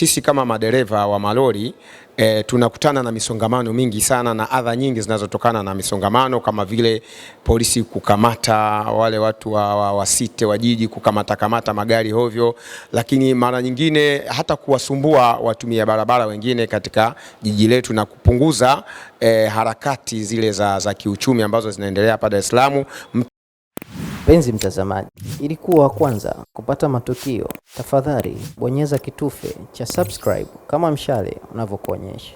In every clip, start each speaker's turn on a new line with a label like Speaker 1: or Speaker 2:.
Speaker 1: sisi kama madereva wa malori e, tunakutana na misongamano mingi sana na adha nyingi zinazotokana na misongamano kama vile polisi kukamata wale watu wa, wa, wa site wa jiji kukamata kamata magari hovyo, lakini mara nyingine hata kuwasumbua watumia barabara wengine katika jiji letu na kupunguza e, harakati zile za, za kiuchumi ambazo zinaendelea hapa Dar es Salaam.
Speaker 2: Mpenzi mtazamaji, ili kuwa wa kwanza kupata matukio, tafadhali bonyeza kitufe cha subscribe kama mshale unavyokuonyesha.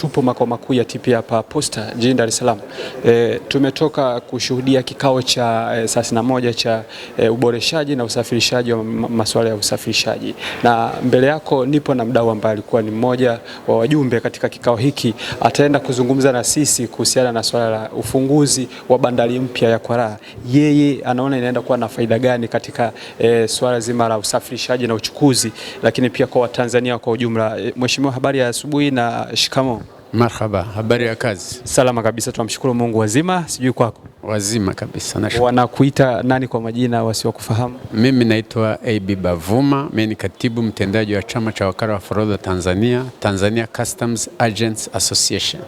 Speaker 1: Tupo makao makuu ya TPA hapa Posta jijini Dar es Salaam. E, tumetoka kushuhudia kikao cha e, thelathini na moja cha e, uboreshaji na usafirishaji wa masuala ya usafirishaji, na mbele yako nipo na mdau ambaye alikuwa ni mmoja wa wajumbe katika kikao hiki, ataenda kuzungumza na sisi kuhusiana na swala la ufunguzi wa bandari mpya ya Kwala. Yeye anaona inaenda kuwa na faida gani katika e, swala zima la usafirishaji na uchukuzi, lakini pia kwa Watanzania kwa ujumla. E, Mheshimiwa, habari ya asubuhi na shikamo.
Speaker 3: Marhaba, habari ya kazi?
Speaker 1: Salama kabisa, tunamshukuru Mungu. Wazima? Sijui kwako.
Speaker 3: Wazima kabisa. Nashukuru.
Speaker 1: Wanakuita nani kwa majina wasiokufahamu?
Speaker 3: Mimi naitwa AB Bavuma, mimi ni katibu mtendaji wa chama cha wakala wa forodha Tanzania, Tanzania Customs Agents Association.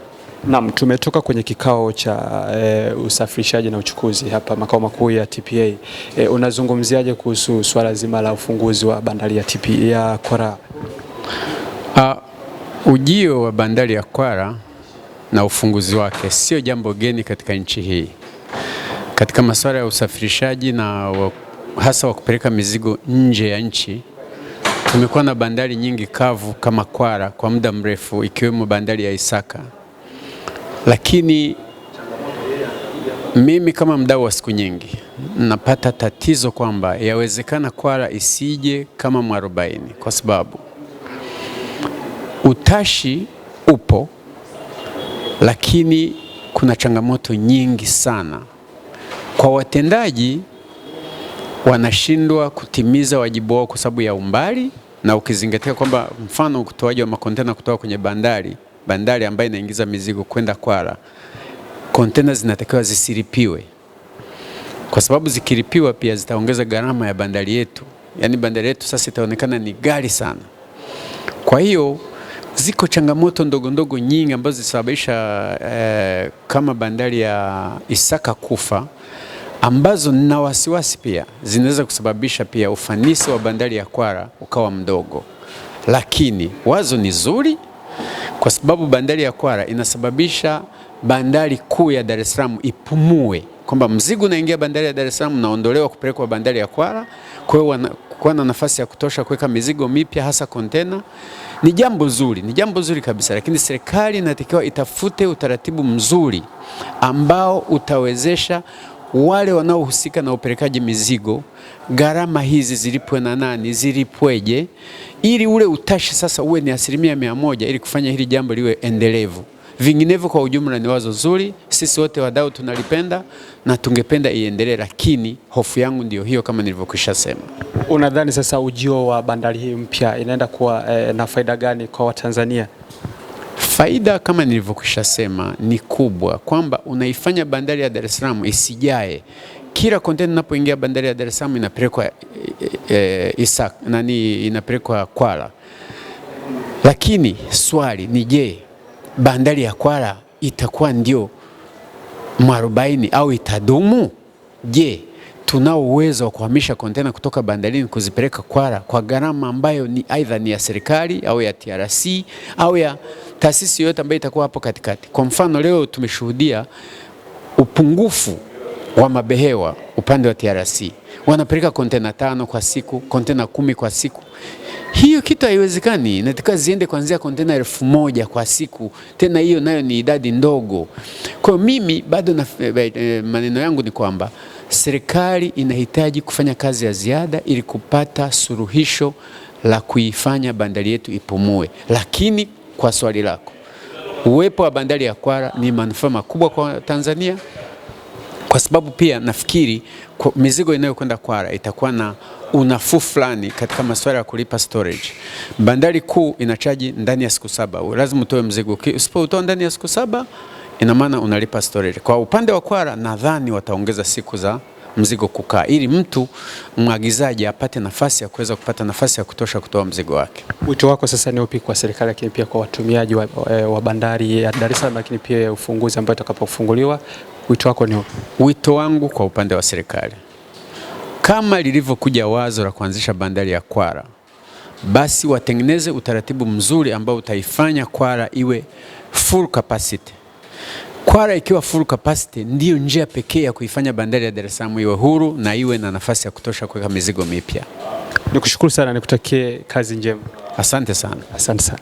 Speaker 1: Naam, tumetoka kwenye kikao cha e, usafirishaji na uchukuzi hapa makao makuu ya TPA. E, eh, unazungumziaje kuhusu swala zima la ufunguzi wa bandari ya TPA ya Kora?
Speaker 3: Uh, ah, Ujio wa bandari ya kwara na ufunguzi wake sio jambo geni katika nchi hii. Katika masuala ya usafirishaji na wa, hasa wa kupeleka mizigo nje ya nchi, tumekuwa na bandari nyingi kavu kama kwara kwa muda mrefu, ikiwemo bandari ya Isaka. Lakini mimi kama mdau wa siku nyingi napata tatizo kwamba yawezekana kwara isije kama mwarobaini kwa sababu Utashi upo, lakini kuna changamoto nyingi sana kwa watendaji. Wanashindwa kutimiza wajibu wao kwa sababu ya umbali, na ukizingatia kwamba mfano utoaji wa makontena kutoka kwenye bandari bandari ambayo inaingiza mizigo kwenda Kwala, kontena zinatakiwa zisiripiwe, kwa sababu zikiripiwa pia zitaongeza gharama ya bandari yetu, yaani bandari yetu sasa itaonekana ni ghali sana, kwa hiyo Ziko changamoto ndogo ndogo nyingi ambazo zisababisha eh, kama bandari ya Isaka kufa ambazo na wasiwasi pia zinaweza kusababisha pia ufanisi wa bandari ya Kwara ukawa mdogo, lakini wazo ni zuri kwa sababu bandari ya Kwara inasababisha bandari kuu ya Dar es Salaam ipumue, kwamba mzigo unaingia bandari ya Dar es Salaam unaondolewa kupelekwa bandari ya Kwara. Kwa hiyo kuwa na nafasi ya kutosha kuweka mizigo mipya hasa kontena ni jambo zuri, ni jambo zuri kabisa, lakini serikali inatakiwa itafute utaratibu mzuri ambao utawezesha wale wanaohusika na upelekaji mizigo, gharama hizi zilipwe na nani, zilipweje, ili ule utashi sasa uwe ni asilimia mia moja ili kufanya hili jambo liwe endelevu. Vinginevyo, kwa ujumla, ni wazo zuri, sisi wote wadau tunalipenda na tungependa iendelee, lakini hofu yangu ndiyo hiyo, kama nilivyokwisha sema.
Speaker 1: Unadhani sasa ujio wa bandari hii mpya inaenda kuwa eh, na faida gani kwa Watanzania?
Speaker 3: Faida kama nilivyokwisha sema ni kubwa, kwamba unaifanya bandari ya Dar es Salaam isijae. Kila kontena inapoingia bandari ya Dar es Salaam inapelekwa e, eh, eh, Isak nani, inapelekwa Kwala. Lakini swali ni je, bandari ya Kwala itakuwa ndio mwarobaini au itadumu? Je, tunao uwezo wa kuhamisha kontena kutoka bandarini kuzipeleka Kwara kwa gharama ambayo ni aidha ni ya serikali au ya TRC au ya taasisi yoyote ambayo itakuwa hapo katikati? Kwa mfano leo tumeshuhudia upungufu wa mabehewa upande wa TRC, wanapeleka kontena tano kwa siku, kontena kumi kwa siku. Hiyo kitu haiwezekani. Nataka ziende kuanzia kontena elfu moja kwa siku, tena hiyo nayo ni idadi ndogo. Kwa mimi bado na, eh, eh, maneno yangu ni kwamba serikali inahitaji kufanya kazi ya ziada ili kupata suluhisho la kuifanya bandari yetu ipumue. Lakini kwa swali lako, uwepo wa bandari ya Kwara ni manufaa makubwa kwa Tanzania, kwa sababu pia nafikiri mizigo inayokwenda Kwara itakuwa na unafuu fulani katika masuala ya kulipa storage. Bandari kuu inachaji ndani ya siku saba, lazima utoe mzigo. utoa ndani ya siku saba, ina maana unalipa storage. Kwa upande wa Kwara, nadhani wataongeza siku za mzigo kukaa, ili mtu mwagizaji apate nafasi ya kuweza kupata nafasi ya kutosha kutoa mzigo wake.
Speaker 1: Wito wako sasa ni upi kwa serikali, lakini pia kwa watumiaji wa, wa bandari ya Dar es Salaam, lakini pia ufunguzi ambao itakapofunguliwa, wito wako ni upi?
Speaker 3: Wito wangu kwa upande wa serikali, kama lilivyokuja wazo la kuanzisha bandari ya Kwara, basi watengeneze utaratibu mzuri ambao utaifanya Kwara iwe full capacity Kwara ikiwa full capacity ndiyo njia pekee ya kuifanya bandari ya Dar es Salaam iwe huru na iwe na nafasi ya kutosha kuweka mizigo mipya.
Speaker 1: Nikushukuru sana, nikutakie kazi njema.
Speaker 3: Asante sana.
Speaker 1: Asante sana.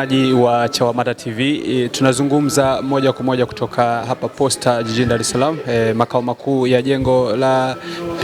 Speaker 1: Mtazamaji wa Chawamata TV e, tunazungumza moja kwa moja kutoka hapa Posta jijini Dar es Salaam e, makao makuu ya jengo la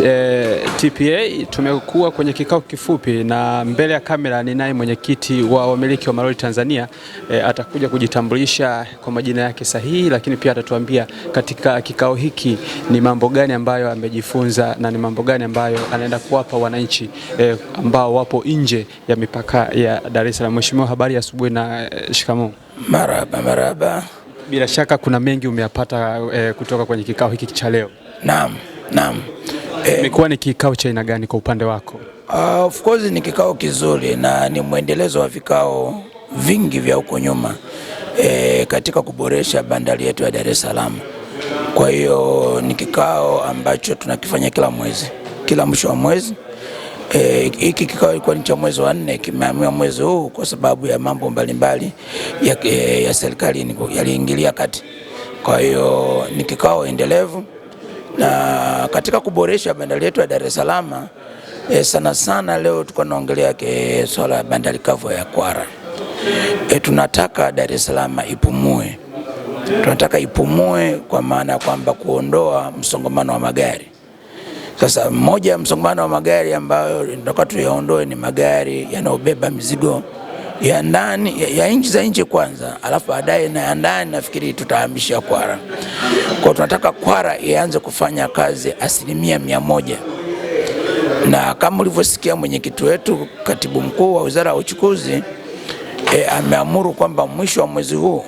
Speaker 1: e, TPA. Tumekuwa kwenye kikao kifupi na mbele ya kamera ni naye mwenyekiti wa wamiliki wa malori Tanzania e, atakuja kujitambulisha kwa majina yake sahihi, lakini pia atatuambia katika kikao hiki ni mambo gani ambayo amejifunza na ni mambo gani ambayo anaenda kuwapa wananchi e, ambao wapo nje ya mipaka ya Dar es Salaam. Mheshimiwa, habari ya asubuhi na sana. Eh, shikamoo.
Speaker 4: Maraba, maraba.
Speaker 1: Bila shaka kuna mengi umeyapata e, kutoka kwenye kikao hiki cha leo.
Speaker 4: Naam, naam.
Speaker 1: Eh, Imekuwa e, ni kikao cha aina gani kwa upande wako?
Speaker 4: Uh, of course ni kikao kizuri na ni mwendelezo wa vikao vingi vya huko nyuma e, katika kuboresha bandari yetu ya Dar es Salaam. Kwa hiyo ni kikao ambacho tunakifanya kila mwezi, kila mwisho wa mwezi Eh, hiki e, kikao ilikuwa ni cha mwezi wa nne, kimeamua mwezi huu kwa sababu ya mambo mbalimbali mbali, ya, eh, ya serikali yaliingilia kati. Kwa hiyo ni kikao endelevu na katika kuboresha bandari yetu ya Dar es Salaam. E, sana sana leo tuko naongelea swala ya bandari kavu ya Kwara. E, tunataka Dar es Salaam ipumue, tunataka ipumue kwa maana ya kwamba kuondoa msongamano wa magari sasa mmoja ya msongamano wa magari ambayo tunataka tuyaondoe ni magari yanayobeba mizigo ya ndani ya, ya nchi za nje kwanza, alafu baadaye na ya ndani. Nafikiri tutahamisha Kwara kwa, tunataka Kwara ianze kufanya kazi asilimia mia moja, na kama ulivyosikia mwenyekiti wetu, katibu mkuu wa wizara ya uchukuzi e, ameamuru kwamba mwisho wa mwezi huu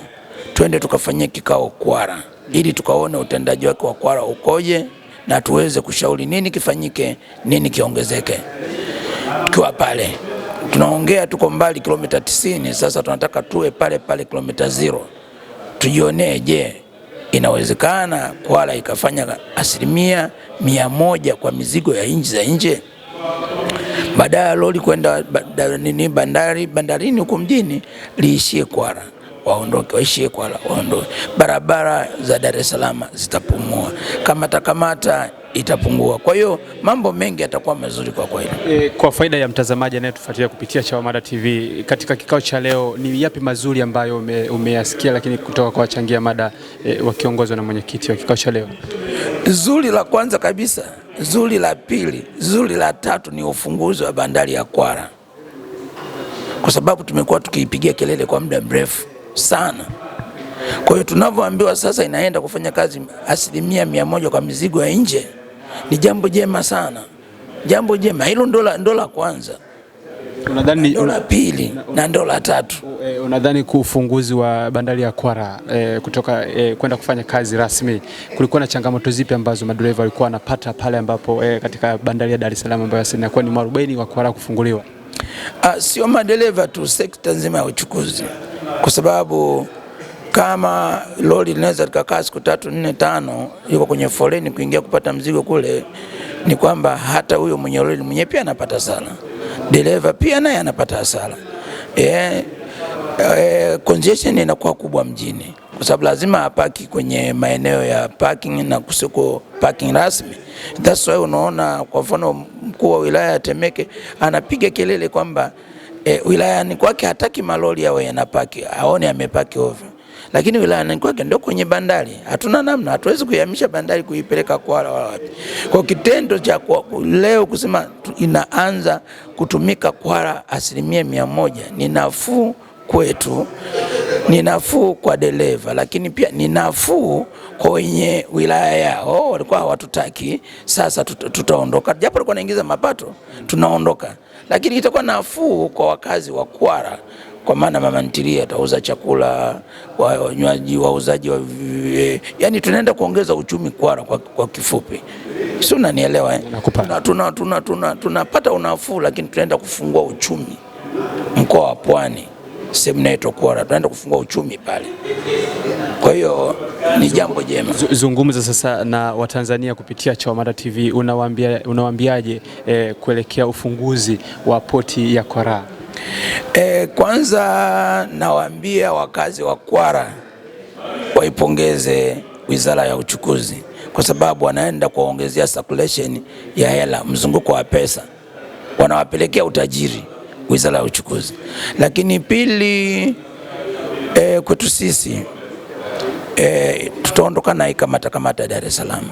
Speaker 4: twende tukafanyia kikao Kwara ili tukaone utendaji wake wa Kwara ukoje na tuweze kushauri nini kifanyike, nini kiongezeke. Tukiwa pale tunaongea, tuko mbali kilomita tisini. Sasa tunataka tuwe pale pale kilomita zero, tujionee, je, inawezekana Kwala ikafanya asilimia mia moja kwa mizigo ya nchi za nje badala ya lori kwenda nini bandari bandarini huko mjini liishie kwara waondoke, waishie Kwala, waondoke. Barabara za Dar es Salaam zitapumua, kamata kamata itapungua. Kwa hiyo mambo mengi yatakuwa mazuri kwa kweli.
Speaker 1: E, kwa faida ya mtazamaji anayetufuatilia kupitia Chawamata TV, katika kikao cha leo ni yapi mazuri ambayo umeyasikia, lakini kutoka kwa wachangia mada e, wakiongozwa na mwenyekiti wa kikao cha leo?
Speaker 4: Zuri la kwanza kabisa, zuri la pili, zuri la tatu ni ufunguzi wa bandari ya Kwala, kwa sababu tumekuwa tukiipigia kelele kwa muda mrefu sana. Kwa hiyo tunavyoambiwa sasa inaenda kufanya kazi asilimia mia moja kwa mizigo ya nje ni jambo jema sana, jambo jema hilo, ndo la kwanza unadhani ndo la pili na ndo la tatu.
Speaker 1: Eh, unadhani kufunguzi ufunguzi wa bandari ya Kwara eh, kutoka eh, kwenda kufanya kazi rasmi, kulikuwa na changamoto zipi ambazo madereva walikuwa wanapata pale ambapo eh, katika bandari ya Dar es Salaam ambayo inakuwa ni mwarobaini wa Kwara kufunguliwa?
Speaker 4: Ah, sio madereva tu, sekta nzima ya uchukuzi kwa sababu kama lori linaweza likakaa siku tatu nne tano, yuko kwenye foleni kuingia kupata mzigo kule, ni kwamba hata huyo mwenye lori mwenye pia anapata hasara, dereva pia naye anapata hasara. E, e, congestion inakuwa kubwa mjini kwa sababu lazima apaki kwenye maeneo ya parking na kusiko parking rasmi. That's why unaona kwa mfano mkuu wa wilaya ya Temeke anapiga kelele kwamba E, wilayani kwake hataki malori yawe yanapaki, aone amepaki ovyo, lakini wilayani kwake ndio kwenye bandari. Hatuna namna, hatuwezi kuihamisha bandari kuipeleka Kwala wala wapi. Kwa kitendo cha leo kusema inaanza kutumika Kwala asilimia mia moja ni nafuu kwetu ni nafuu kwa dereva, lakini pia ni nafuu kwa wenye wilaya yao. Oh, walikuwa hawatutaki, sasa tutaondoka, japo walikuwa naingiza mapato, tunaondoka, lakini itakuwa nafuu kwa wakazi wa Kwara kwa maana mama ntilia atauza chakula, wanywaji, wauzaji wa, yani tunaenda kuongeza uchumi Kwara kwa, kwa kifupi, si unanielewa eh?
Speaker 1: Tunapata
Speaker 4: tuna, tuna, tuna, tuna unafuu, lakini tunaenda kufungua uchumi mkoa wa Pwani sehemu inayotokuwa tunaenda kufungua uchumi pale. Kwa hiyo ni jambo jema.
Speaker 1: Zungumza sasa na Watanzania kupitia Chawamata TV, unawaambia unawaambiaje eh, kuelekea ufunguzi wa poti ya Kwara?
Speaker 4: Eh, kwanza nawaambia wakazi wa Kwara waipongeze Wizara ya Uchukuzi kwa sababu wanaenda kuwaongezea circulation ya hela, mzunguko wa pesa, wanawapelekea utajiri wizara ya uchukuzi. Lakini pili, e, kwetu sisi e, tutaondoka na ikamata kamata ya Dar es Salaam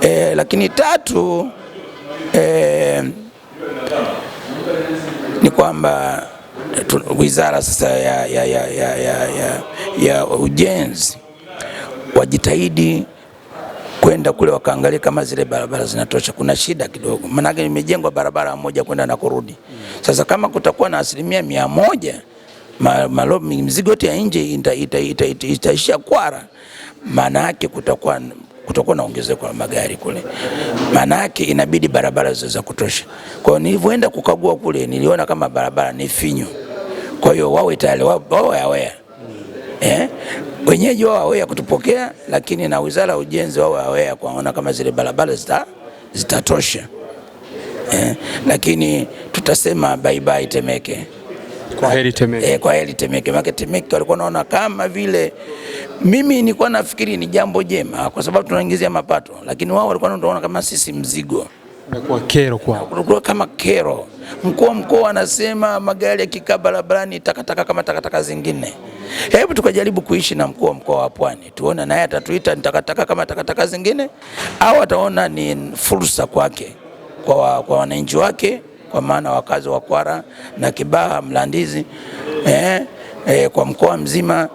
Speaker 4: e, lakini tatu e, ni kwamba wizara sasa ya, ya, ya, ya, ya, ya ujenzi wajitahidi kwenda kule wakaangalia kama zile barabara zinatosha. Kuna shida kidogo, maanake imejengwa barabara moja kwenda na kurudi. Sasa kama kutakuwa na asilimia mia moja malobi mzigo yote ya nje itaishia ita, ita, ita, ita, Kwara, maana yake kutakuwa kutakuwa na ongezeko la magari kule, maana yake inabidi barabara ziweza kutosha. Kwa hiyo nilivyoenda kukagua kule, niliona kama barabara ni finyu, kwa hiyo wawe tayari wawe aware eh? Wenyeji wao awea kutupokea, lakini na wizara ya ujenzi wao awea kuona kama zile barabara zita, zitatosha eh? Lakini tutasema bye bye Temeke.
Speaker 1: Kwa heri Temeke.
Speaker 4: Eh, kwa heri Temeke. Maana Temeke walikuwa naona kama vile mimi nilikuwa nafikiri ni jambo jema kwa sababu tunaingizia mapato, lakini wao walikuwa wanaona kama sisi mzigo.
Speaker 1: Imekuwa kero kwa.
Speaker 4: Kama kero. Mkuu wa mkoa anasema magari yakikaa barabarani takataka kama takataka zingine. Hebu tukajaribu kuishi na mkuu wa mkoa wa Pwani, tuone naye atatuita ni takataka kama takataka zingine, au ataona ni fursa kwake, kwa, kwa wananchi wake, kwa maana wakazi wa Kwara na Kibaha, Mlandizi eh, eh, kwa mkoa mzima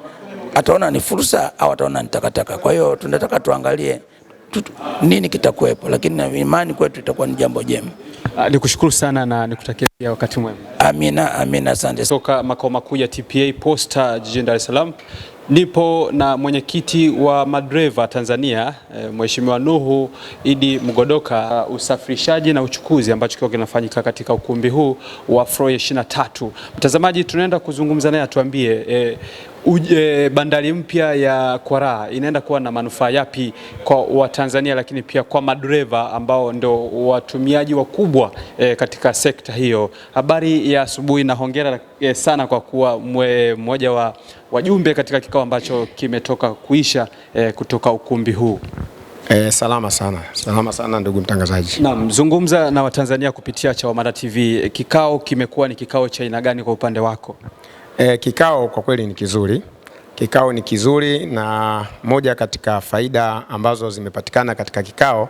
Speaker 4: ataona ni fursa au ataona ni takataka. Kwa hiyo tunataka tuangalie nini kitakuwepo, lakini na imani kwetu itakuwa ni jambo jema.
Speaker 1: Ah, nikushukuru sana na nikutakia pia wakati mwema.
Speaker 4: Amina, amina, asante.
Speaker 1: Toka makao makuu ya TPA Posta jijini Dar es Salaam nipo na mwenyekiti wa madereva Tanzania e, Mheshimiwa Nuhu Idi Mgodoka. Uh, ah, usafirishaji na uchukuzi ambacho kiko kinafanyika katika ukumbi huu wa Froy 23. Mtazamaji, tunaenda kuzungumza naye atuambie eh, uje bandari mpya ya Kwara inaenda kuwa na manufaa yapi kwa Watanzania, lakini pia kwa madereva ambao ndio watumiaji wakubwa e, katika sekta hiyo. Habari ya asubuhi na hongera e, sana kwa kuwa mmoja wa wajumbe katika kikao ambacho kimetoka kuisha e, kutoka ukumbi huu.
Speaker 3: Eh, salama sana, salama sana ndugu mtangazaji.
Speaker 1: Naam, zungumza na Watanzania kupitia Chawamata TV. Kikao kimekuwa ni kikao cha aina gani kwa upande wako?
Speaker 3: E, kikao kwa kweli ni kizuri. Kikao ni kizuri na moja katika faida ambazo zimepatikana katika kikao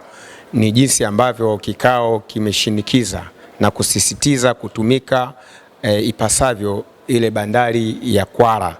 Speaker 3: ni jinsi ambavyo kikao kimeshinikiza na kusisitiza kutumika e, ipasavyo ile bandari ya Kwala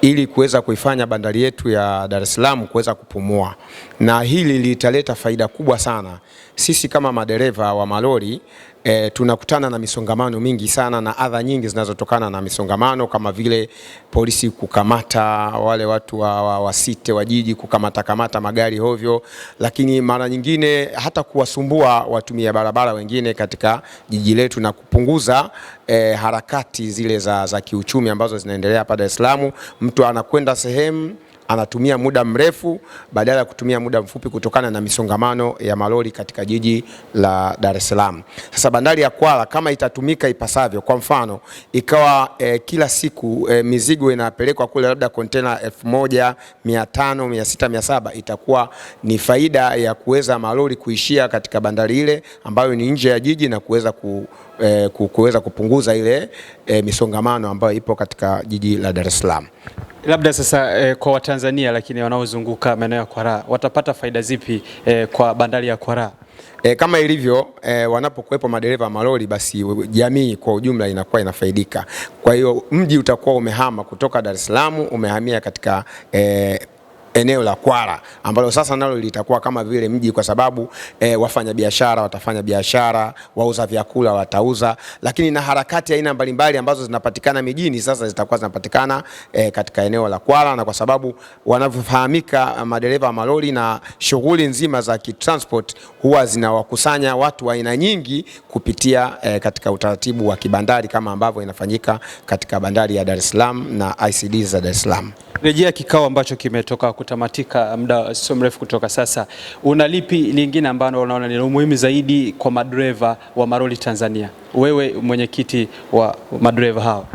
Speaker 3: ili kuweza kuifanya bandari yetu ya Dar es Salaam kuweza kupumua, na hili litaleta faida kubwa sana. Sisi kama madereva wa malori E, tunakutana na misongamano mingi sana na adha nyingi zinazotokana na misongamano kama vile polisi kukamata wale watu wa, wa, wa site wa jiji kukamata kamata magari hovyo, lakini mara nyingine hata kuwasumbua watumia barabara wengine katika jiji letu na kupunguza e, harakati zile za, za kiuchumi ambazo zinaendelea hapa Dar es Salaam. Mtu anakwenda sehemu anatumia muda mrefu badala ya kutumia muda mfupi kutokana na misongamano ya malori katika jiji la Dar es Salaam. Sasa bandari ya Kwala kama itatumika ipasavyo, kwa mfano ikawa e, kila siku e, mizigo inapelekwa kule labda kontena elfu moja mia tano mia sita mia saba itakuwa ni faida ya kuweza malori kuishia katika bandari ile ambayo ni nje ya jiji na kuweza ku eh, kuweza kupunguza ile eh, misongamano ambayo ipo katika jiji la Dar es Salaam.
Speaker 1: Labda sasa eh, kwa Watanzania lakini wanaozunguka maeneo ya Kwaraa watapata faida zipi eh, kwa bandari ya Kwaraa?
Speaker 3: E, eh, kama ilivyo e, wanapokuwepo madereva wa malori basi jamii kwa ujumla inakuwa inafaidika. Kwa hiyo mji utakuwa umehama kutoka Dar es Salaam umehamia katika e, eneo la kwara ambalo sasa nalo litakuwa kama vile mji kwa sababu e, eh, wafanyabiashara watafanya biashara, wauza vyakula watauza, lakini na harakati aina mbalimbali ambazo zinapatikana mijini sasa zitakuwa zinapatikana e, katika eneo la kwara na kwa sababu wanavyofahamika eh, madereva wa malori na shughuli nzima za kitransport huwa zinawakusanya watu wa aina nyingi kupitia e, katika utaratibu wa kibandari kama ambavyo inafanyika katika bandari ya Dar es Salaam na ICD za Dar es Salaam.
Speaker 1: Rejea kikao ambacho kimetoka kutamatika muda sio mrefu kutoka sasa, una lipi lingine ambalo unaona ni umuhimu zaidi kwa madereva wa maroli Tanzania, wewe mwenyekiti wa madereva hao?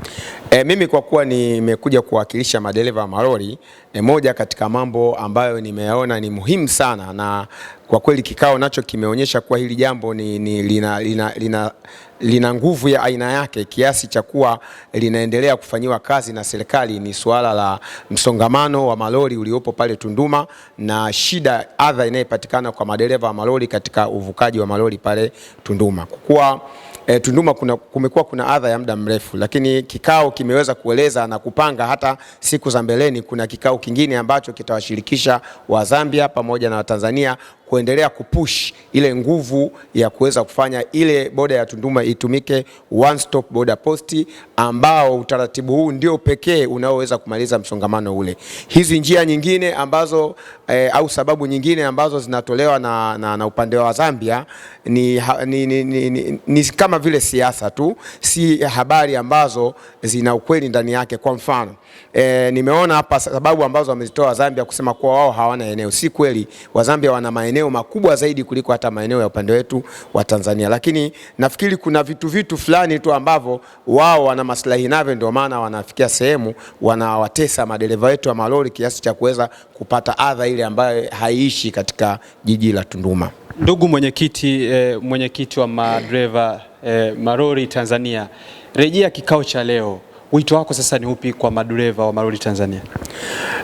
Speaker 3: E, mimi kwa kuwa nimekuja kuwakilisha madereva wa malori e, moja katika mambo ambayo nimeyaona ni muhimu sana, na kwa kweli kikao nacho kimeonyesha kuwa hili jambo ni, ni, lina, lina, lina, lina nguvu ya aina yake kiasi cha kuwa linaendelea kufanyiwa kazi na serikali. Ni suala la msongamano wa malori uliopo pale Tunduma na shida adha inayepatikana kwa madereva wa malori katika uvukaji wa malori pale Tunduma kwa kuwa e, Tunduma kuna, kumekuwa kuna adha ya muda mrefu, lakini kikao kimeweza kueleza na kupanga hata siku za mbeleni. Kuna kikao kingine ambacho kitawashirikisha Wazambia pamoja na Watanzania kuendelea kupush ile nguvu ya kuweza kufanya ile boda ya Tunduma itumike one stop boda posti, ambao utaratibu huu ndio pekee unaoweza kumaliza msongamano ule. Hizi njia nyingine ambazo e, au sababu nyingine ambazo zinatolewa na, na, na upande wa Zambia ni, ni, ni, ni, ni, ni kama vile siasa tu, si habari ambazo zina ukweli ndani yake. Kwa mfano e, nimeona hapa sababu ambazo wamezitoa Zambia kusema kuwa wao hawana eneo. Si kweli, Wazambia wana maeneo maeneo makubwa zaidi kuliko hata maeneo ya upande wetu wa Tanzania, lakini nafikiri kuna vitu vitu fulani tu ambavyo wao wana maslahi navyo, ndio maana wanafikia sehemu wanawatesa madereva wetu wa malori kiasi cha kuweza kupata adha ile ambayo haiishi katika jiji la Tunduma.
Speaker 1: Ndugu mwenyekiti, eh, mwenyekiti wa madereva eh, malori Tanzania, rejea kikao cha leo Wito wako sasa ni upi kwa madereva wa malori Tanzania?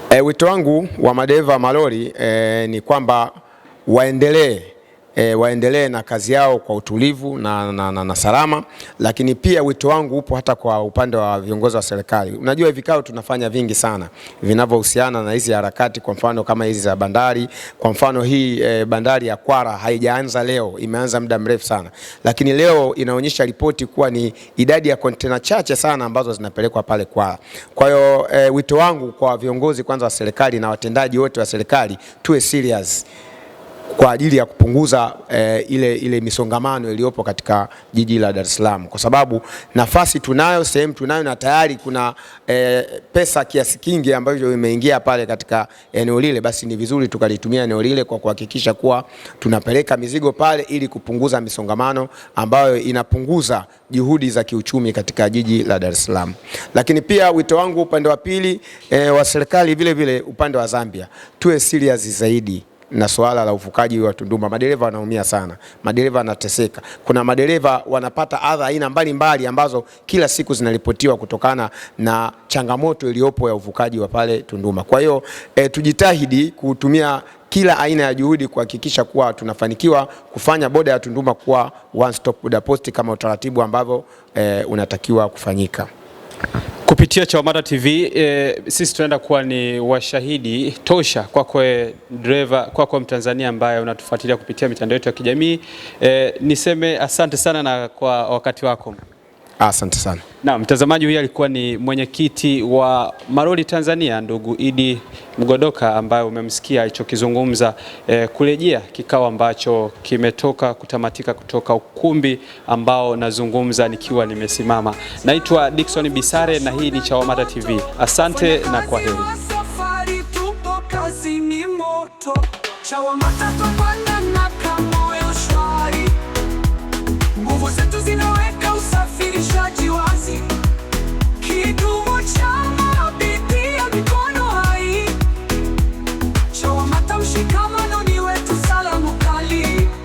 Speaker 3: E, wito wangu wa madereva wa malori e, ni kwamba waendelee E, waendelee na kazi yao kwa utulivu na, na, na, na salama. Lakini pia wito wangu upo hata kwa upande wa viongozi wa serikali. Unajua vikao tunafanya vingi sana vinavyohusiana na hizi harakati, kwa mfano kama hizi za bandari. Kwa mfano hii e, bandari ya Kwara haijaanza leo, imeanza muda mrefu sana, lakini leo inaonyesha ripoti kuwa ni idadi ya kontena chache sana ambazo zinapelekwa pale Kwara. Kwa hiyo e, wito wangu kwa viongozi kwanza wa serikali na watendaji wote wa serikali tuwe serious kwa ajili ya kupunguza e, ile, ile misongamano iliyopo katika jiji la Dar es Salaam, kwa sababu nafasi tunayo, sehemu tunayo, na tayari kuna e, pesa kiasi kingi ambayo imeingia pale katika eneo lile, basi ni vizuri tukalitumia eneo lile kwa kuhakikisha kuwa tunapeleka mizigo pale ili kupunguza misongamano ambayo inapunguza juhudi za kiuchumi katika jiji la Dar es Salaam. Lakini pia wito wangu upande wa pili e, wa serikali vile vile upande wa Zambia tuwe serious zaidi na swala la uvukaji wa Tunduma, madereva wanaumia sana, madereva wanateseka. Kuna madereva wanapata adha aina mbalimbali ambazo kila siku zinaripotiwa kutokana na changamoto iliyopo ya uvukaji wa pale Tunduma. Kwa hiyo e, tujitahidi kutumia kila aina ya juhudi kuhakikisha kuwa tunafanikiwa kufanya boda ya Tunduma kuwa one stop boda post kama utaratibu ambavyo e, unatakiwa kufanyika.
Speaker 1: Kupitia Chawamata TV e, eh, sisi tunaenda kuwa ni washahidi tosha kwako dereva, kwako Mtanzania ambaye unatufuatilia kupitia mitandao yetu ya kijamii e, niseme asante sana na kwa wakati wako.
Speaker 3: Asante sana.
Speaker 1: Na mtazamaji, huyu alikuwa ni mwenyekiti wa maroli Tanzania ndugu Idi Mgodoka ambaye umemsikia alichokizungumza eh, kurejea kikao ambacho kimetoka kutamatika kutoka ukumbi ambao nazungumza nikiwa nimesimama. Naitwa Dickson Bisare na hii ni Chawamata TV. Asante na kwaheri.